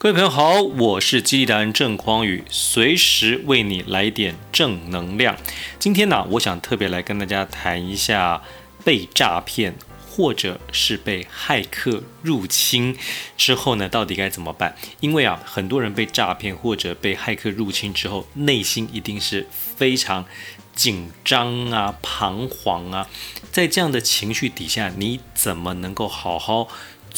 各位朋友好，我是激勵達人鄭匡宇，隨時為你來點正能量。今天呢、啊，我想特別來跟大家談一下被詐騙或者是被駭客入侵之後呢，到底該怎麼辦？因為啊，很多人被詐騙或者被駭客入侵之後，內心一定是非常緊張啊、彷徨啊，在這樣的情緒底下，你怎麼能夠好好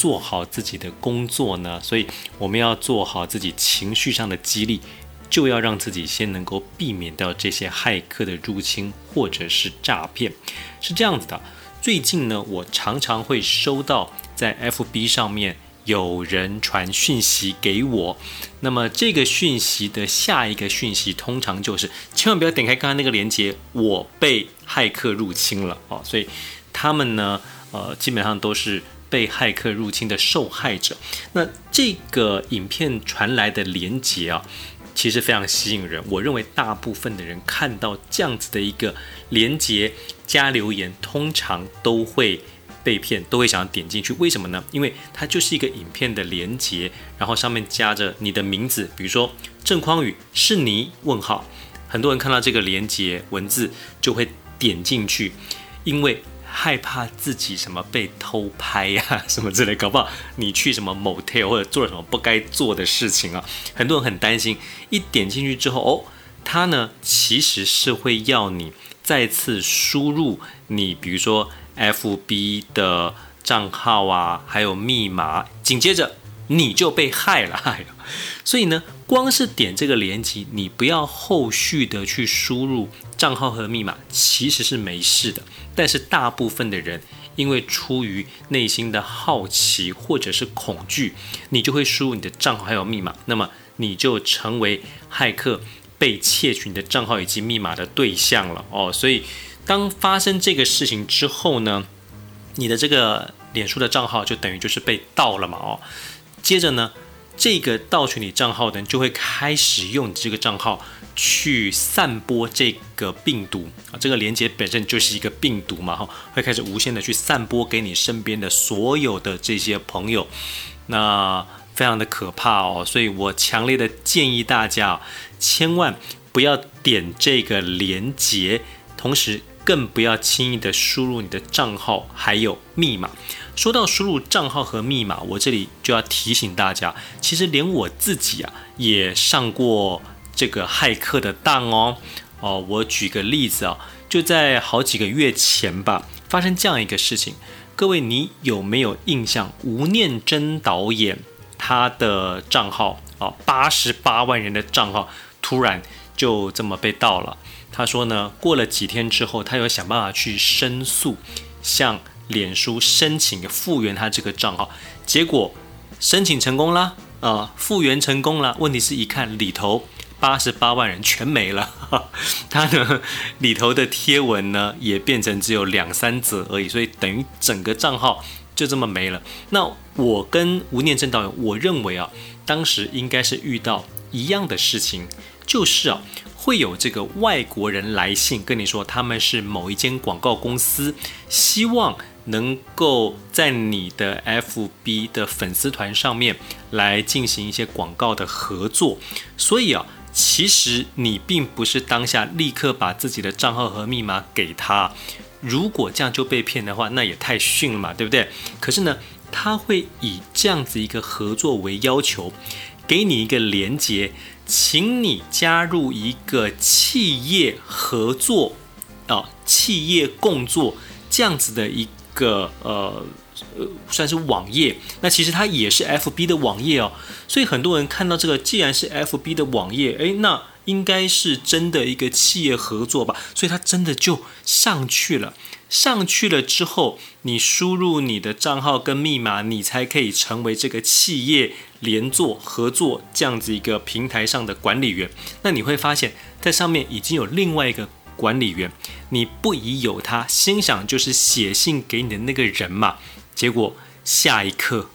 做好自己的工作呢，所以我們要做好自己情緒上的激勵，就要讓自己先能夠避免掉這些駭客的入侵或者是詐騙，是這樣子的。最近呢，我常常會收到在 FB 上面有人傳訊息給我，那麼這個訊息的下一個訊息通常就是千萬不要點開剛剛那個鏈接，我被駭客入侵了哦。所以他們呢，呃，基本上都是。被駭客入侵的受害者，那這個影片傳來的連結啊，其實非常吸引人。我認為大部分的人看到這樣子的一個連結加留言，通常都會被騙，都會想要點進去。為什麼呢？因為它就是一個影片的連結，然後上面加着你的名字，比如說鄭匡宇是你問號。很多人看到這個連結文字就會點進去，因為。害怕自己什麼被偷拍呀、啊，什麼之類，搞不好你去什麼 motel 或者做了什麼不該做的事情啊，很多人很擔心。一點進去之後，哦，他呢其實是會要你再次輸入你比如說 FB 的賬號啊，還有密碼，緊接着。你就被害了，害了。所以呢，光是點這個鏈接，你不要後續的去輸入賬號和密碼，其實是沒事的。但是大部分的人因為出於內心的好奇或者是恐懼，你就會輸入你的賬號還有密碼，那麼你就成為駭客被竊取你的賬號以及密碼的對象了哦。所以當發生這個事情之後呢，你的這個臉書的賬號就等於就是被盜了嘛哦。接着呢，這個盜取你賬號的人就會開始用你這個賬號去散播這個病毒啊，這個連接本身就是一個病毒嘛，哈，會開始無限的去散播給你身邊的所有的這些朋友，那非常的可怕哦，所以我強烈的建議大家千萬不要點這個連接，同時，更不要輕易的輸入你的賬號還有密碼。說到輸入賬號和密碼，我這裡就要提醒大家，其實連我自己啊也上過這個駭客的當哦。哦，我舉個例子啊，就在好幾個月前吧，發生這樣一個事情。各位，你有沒有印象？吳念真導演他的賬號啊，八十八萬人的賬號，突然就這麼被盜了。他說呢，過了幾天之後，他又想辦法去申訴，向臉書申請復原他這個賬號。結果申請成功了，啊、呃，復原成功了。問題是一看裡頭八十八萬人全沒了，啊、他的裡頭的貼文呢也變成只有兩三則而已，所以等於整個賬號就這麼沒了。那我跟吳念真導演，我認為啊，當時應該是遇到一樣的事情，就是啊。會有這個外國人來信跟你說，他們是某一間廣告公司，希望能夠在你的 FB 的粉絲團上面來進行一些廣告的合作。所以啊，其實你並不是當下立刻把自己的賬號和密碼給他。如果這樣就被騙的話，那也太遜了嘛，對不對？可是呢，他會以這樣子一個合作為要求。給你一個連接，請你加入一個企業合作啊、呃，企業共作這樣子的一個呃呃，算是網頁。那其實它也是 FB 的網頁哦，所以很多人看到這個，既然是 FB 的網頁，哎，那應該是真的一個企業合作吧，所以它真的就上去了。上去了之後，你輸入你的賬號跟密碼，你才可以成為這個企業聯做合作這樣子一個平台上的管理員。那你會發現在上面已經有另外一個管理員，你不疑有他，心想就是寫信給你的那個人嘛。結果下一刻，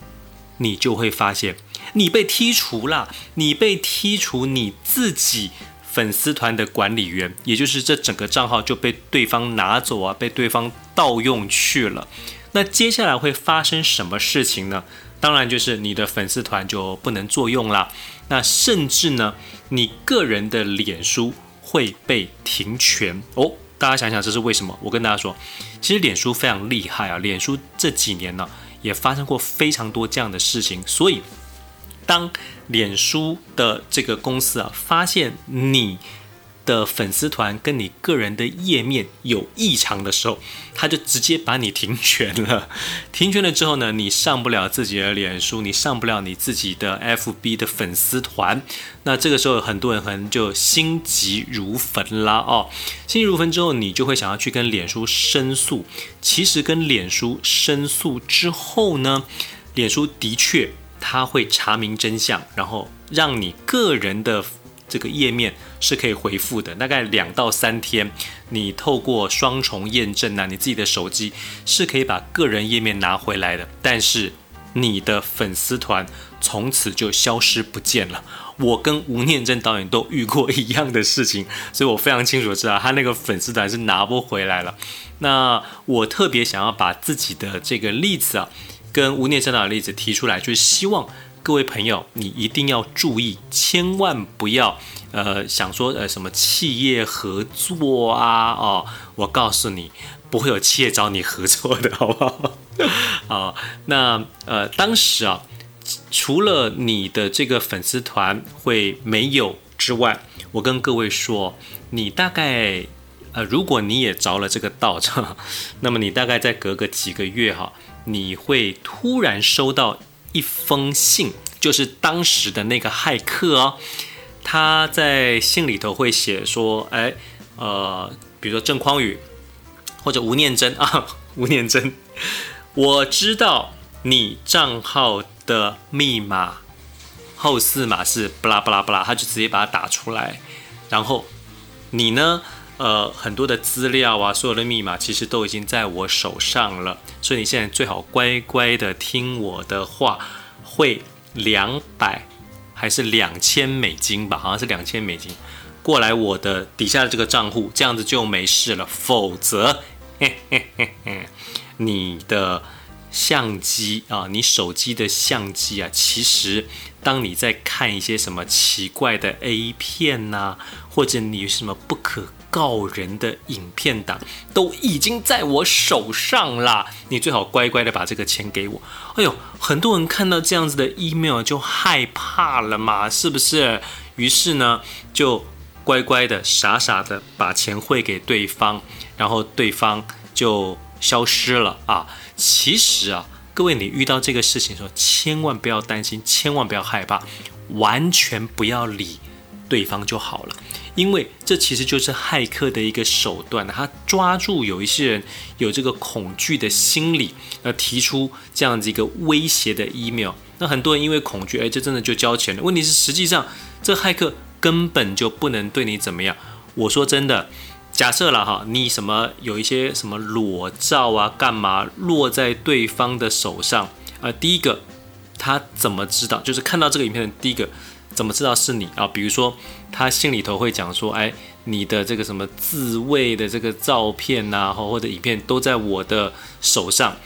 你就會發現你被踢除了，你被踢除你自己粉絲團的管理員，也就是這整個賬號就被對方拿走啊，被對方盜用去了。那接下來會發生什麼事情呢？當然就是你的粉絲團就不能作用啦。那甚至呢，你個人的臉書會被停權哦。大家想想這是為什麼？我跟大家說，其實臉書非常厲害啊，臉書這幾年呢，啊，也發生過非常多這樣的事情，所以。當臉書的這個公司啊，發現你的粉絲團跟你個人的頁面有異常的時候，他就直接把你停權了。停權了之後呢，你上不了自己的臉書，你上不了你自己的 FB 的粉絲團。那這個時候，很多人可能就心急如焚啦哦。心急如焚之後，你就會想要去跟臉書申訴。其實跟臉書申訴之後呢，臉書的確。他會查明真相，然後讓你個人的這個頁面是可以回復的，大概兩到三天。你透過雙重驗證啊，你自己的手機是可以把個人頁面拿回來的，但是你的粉絲團從此就消失不見了。我跟吳念真導演都遇過一樣的事情，所以我非常清楚知道他那個粉絲團是拿不回來了。那我特別想要把自己的這個例子啊，跟吳念真的例子提出來，就是希望各位朋友，你一定要注意，千萬不要呃想說呃什麼企業合作啊哦，我告訴你，不會有企業找你合作的，好不好？好、哦，那呃當時啊，除了你的這個粉絲團會沒有之外，我跟各位說，你大概呃如果你也着了這個道場，那麼你大概再隔個幾個月哈、啊。你會突然收到一封信，就是當時的那個駭客哦，他在信裡頭會寫說：“誒、哎，呃，比如說鄭匡宇或者吳念真啊，吳念真，我知道你賬號的密碼後四碼是不拉不拉不拉，他就直接把它打出來，然後你呢？”呃，很多的資料啊，所有的密碼其實都已經在我手上了，所以你現在最好乖乖的聽我的話，匯兩百還是兩千美金吧，好像是兩千美金，過來我的底下的這個賬戶，這樣子就沒事了，否則嘿嘿嘿嘿，你的相機啊，你手機的相機啊，其實當你在看一些什麼奇怪的 A 片吶、啊，或者你有什麼不可告人的影片檔都已經在我手上啦，你最好乖乖的把這個錢給我。哎呦，很多人看到這樣子的 email 就害怕了嘛，是不是？於是呢，就乖乖的、傻傻的把錢匯給對方，然後對方就消失了啊。其實啊，各位，你遇到這個事情的時候，千萬不要擔心，千萬不要害怕，完全不要理對方就好了。因為這其實就是駭客的一個手段，他抓住有一些人有這個恐懼的心理，要提出這樣子一個威脅的 email，那很多人因為恐懼，哎，這真的就交錢了。問題是，實際上這駭客根本就不能對你怎麼樣。我說真的，假設了哈，你什麼有一些什麼裸照啊，幹嘛落在對方的手上啊，呃？第一個，他怎麼知道？就是看到這個影片的第一個。怎麼知道是你啊？比如說，他信裡頭會講說：“哎，你的這個什麼自慰的這個照片吶、啊，或或者影片都在我的手上。”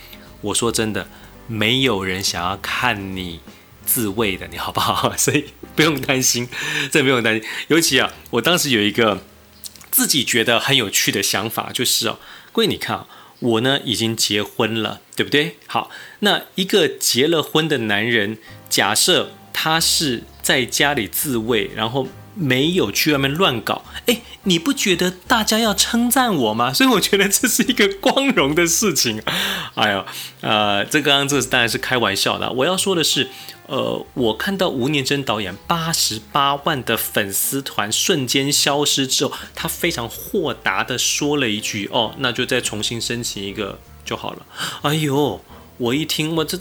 我說真的，沒有人想要看你自慰的，你好不好？所以不用擔心，這不用擔心。尤其啊，我當時有一個自己覺得很有趣的想法，就是哦、啊，各位你看啊，我呢已經結婚了，對不對？好，那一個結了婚的男人，假設他是。在家裡自慰，然後沒有去外面亂搞。誒，你不覺得大家要稱讚我嗎？所以我覺得這是一個光榮的事情。哎呀，呃，這剛剛這當然是開玩笑的。我要說的是，呃，我看到吳念真導演八十八萬的粉絲團瞬間消失之後，他非常豁達的說了一句：“哦，那就再重新申請一個就好了。”哎呦。我一聽，我這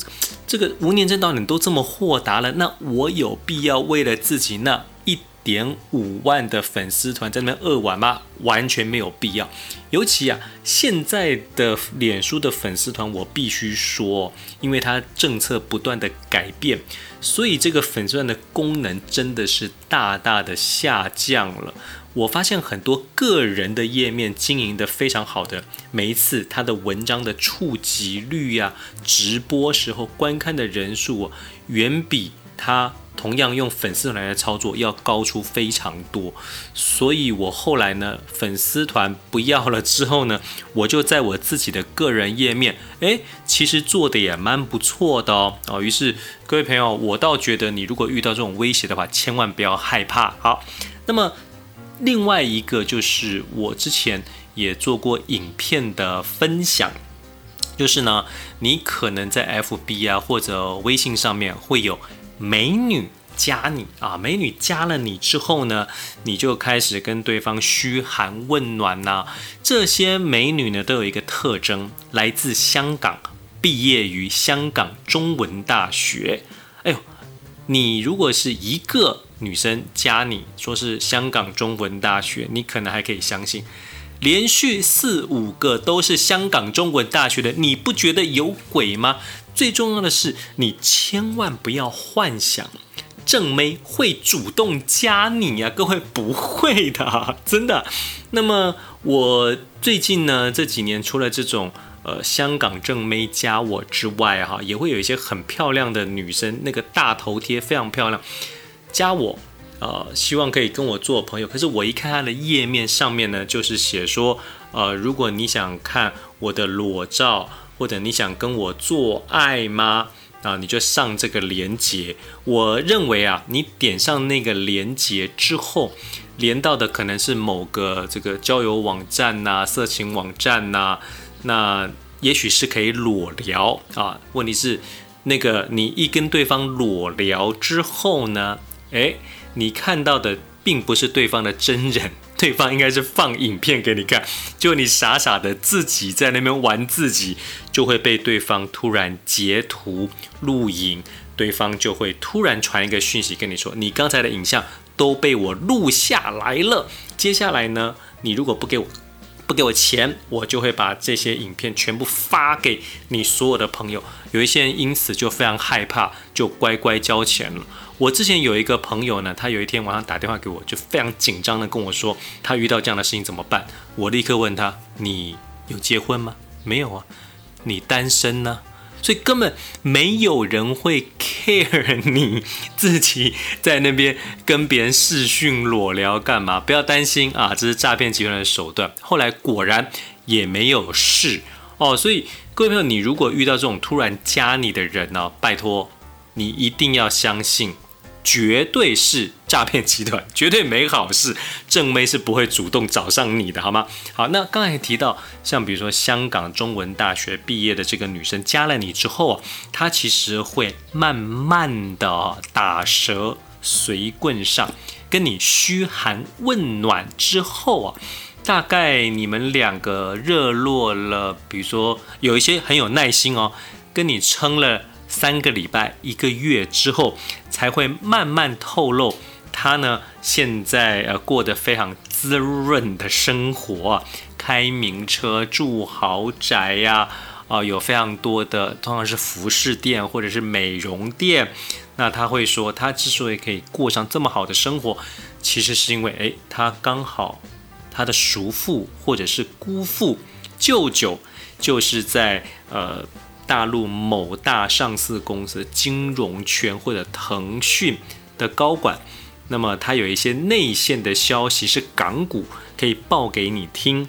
這個吳念真導演，你都這麼豁達了，那我有必要為了自己那一點五萬的粉絲團在那邊扼腕嗎？完全沒有必要。尤其啊，現在的臉書的粉絲團，我必須說，因為它政策不斷的改變，所以這個粉絲團的功能真的是大大的下降了。我發現很多個人的頁面經營得非常好的，每一次他的文章的觸及率呀，啊，直播時候觀看的人數，啊，遠比他同樣用粉絲團來的操作要高出非常多。所以我後來呢，粉絲團不要了之後呢，我就在我自己的個人頁面，誒，其實做得也蠻不錯的哦。哦，於是各位朋友，我倒覺得你如果遇到這種威脅的話，千萬不要害怕。好，那麼。另外一個就是我之前也做過影片的分享，就是呢，你可能在 FB 啊或者微信上面會有美女加你啊。美女加了你之後呢，你就開始跟對方噓寒問暖吶啊。這些美女呢都有一個特徵，來自香港，畢業於香港中文大學。哎呦，你如果是一個。女生加你說是香港中文大學，你可能還可以相信；連續四五個都是香港中文大學的，你不覺得有鬼嗎？最重要的是，你千萬不要幻想正妹會主動加你呀，啊，各位不會的，真的。那麼我最近呢，這幾年除了這種呃香港正妹加我之外，哈，也會有一些很漂亮的女生，那個大頭貼非常漂亮。加我，呃，希望可以跟我做朋友。可是我一看他的頁面上面呢，就是寫說，呃，如果你想看我的裸照，或者你想跟我做愛嗎？啊、呃，你就上這個鏈接。我認為啊，你點上那個鏈接之後，連到的可能是某個這個交友網站吶、啊、色情網站吶、啊，那也許是可以裸聊啊、呃。問題是，那個你一跟對方裸聊之後呢？誒，你看到的並不是對方的真人，對方應該是放影片給你看，就你傻傻的自己在那邊玩，自己就會被對方突然截圖錄影，對方就會突然傳一個訊息跟你說，你剛才的影像都被我錄下來了，接下來呢，你如果不給我不給我錢，我就會把這些影片全部發給你所有的朋友，有一些人因此就非常害怕，就乖乖交錢了。我之前有一個朋友呢，他有一天晚上打電話給我，就非常緊張地跟我說，他遇到這樣的事情怎麼辦？我立刻問他：“你有結婚嗎？”“沒有啊，你單身呢、啊。”所以根本沒有人會 care 你自己在那邊跟別人視訊裸聊幹嘛？不要擔心啊，這是詐騙集團的手段。後來果然也沒有事哦。所以各位朋友，你如果遇到這種突然加你的人呢、哦，拜托你一定要相信。絕對是詐騙集團，絕對沒好事。正妹是不會主動找上你的，好嗎？好，那剛才提到，像比如說香港中文大學畢業的這個女生加了你之後啊，她其實會慢慢的打蛇隨棍上，跟你噓寒問暖之後啊，大概你們兩個熱絡了，比如說有一些很有耐心哦，跟你撐了，三個禮拜、一個月之後，才會慢慢透露他呢現在呃過得非常滋潤的生活、啊，開名車、住豪宅呀、啊，啊、呃，有非常多的，通常是服飾店或者是美容店。那他會說，他之所以可以過上這麼好的生活，其實是因為，誒，他剛好他的叔父或者是姑父舅舅就是在呃。大陸某大上市公司金融圈或者騰訊的高管、那麼他有一些內線的消息是港股可以報給你聽。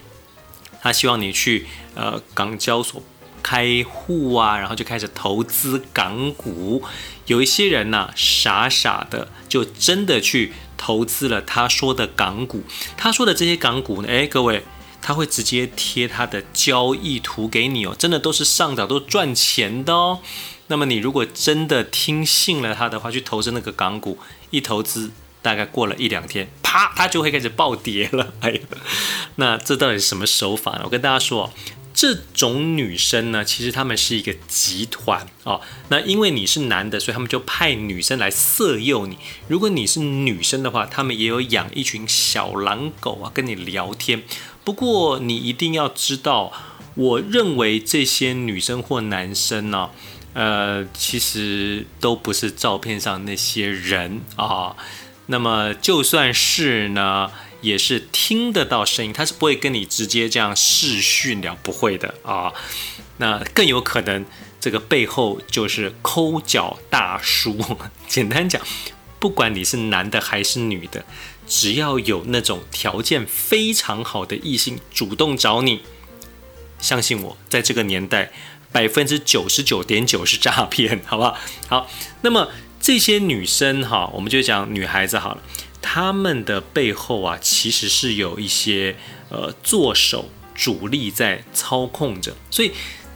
他希望你去呃港交所開戶啊，然後就開始投資港股。有一些人呢，啊，傻傻的就真的去投資了他說的港股。他說的這些港股呢，誒各位，他會直接貼他的交易圖給你哦，真的都是上漲、都賺錢的哦。那麼你如果真的聽信了他的話，去投資那個港股，一投資大概過了一兩天，啪，他就會開始暴跌了。哎呀，那這到底是什麼手法呢？我跟大家說，這種女生呢，其實他們是一個集團哦。那因為你是男的，所以他們就派女生來色誘你。如果你是女生的話，他們也有養一群小狼狗啊，跟你聊天。不過你一定要知道，我認為這些女生或男生呢、哦，呃，其實都不是照片上那些人啊、哦。那麼就算是呢，也是聽得到聲音，他是不會跟你直接這樣視訊了，不會的啊、哦。那更有可能，這個背後就是摳腳大叔。簡單講。不管你是男的還是女的，只要有那種條件非常好的異性主動找你，相信我，在這個年代，百分之九十九點九是詐騙，好不好？好，那麼這些女生哈、啊，我們就講女孩子好了，她們的背後啊，其實是有一些呃作手主力在操控着，所以。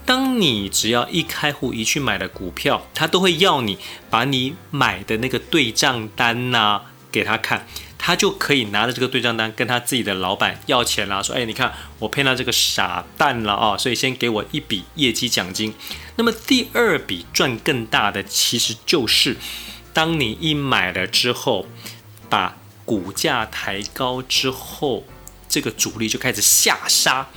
當你只要一開戶一去買了股票，他都會要你把你買的那個對賬單吶、啊、給他看，他就可以拿着這個對賬單跟他自己的老闆要錢啦、啊，說：“哎，你看我騙到這個傻蛋了啊，所以先給我一筆業績獎金。”那麼第二筆賺更大的，其實就是當你一買了之後，把股價抬高之後，這個主力就開始下殺。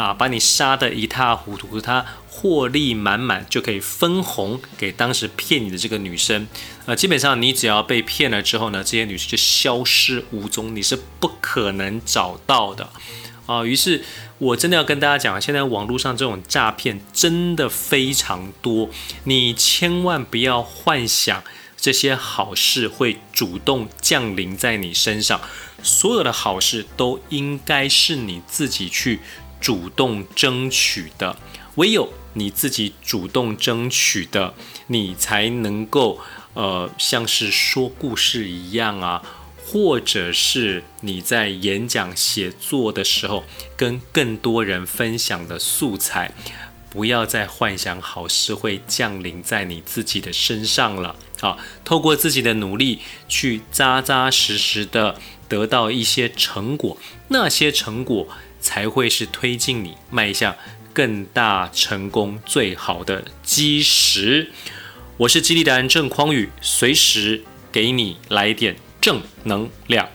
啊，把你殺得一塌糊塗，他獲利滿滿，就可以分紅給當時騙你的這個女生。呃，基本上你只要被騙了之後呢，這些女生就消失無蹤，你是不可能找到的。啊，於是我真的要跟大家講，現在網絡上這種詐騙真的非常多，你千萬不要幻想這些好事會主動降臨在你身上。所有的好事都應該是你自己去。主動爭取的，唯有你自己主動爭取的，你才能夠呃，像是說故事一樣啊，或者是你在演講寫作的時候，跟更多人分享的素材。不要再幻想好事會降臨在你自己的身上了啊！透過自己的努力，去扎扎實實的得到一些成果，那些成果。才會是推進你邁向更大成功最好的基石。我是激勵達人鄭匡宇，隨時給你來點正能量。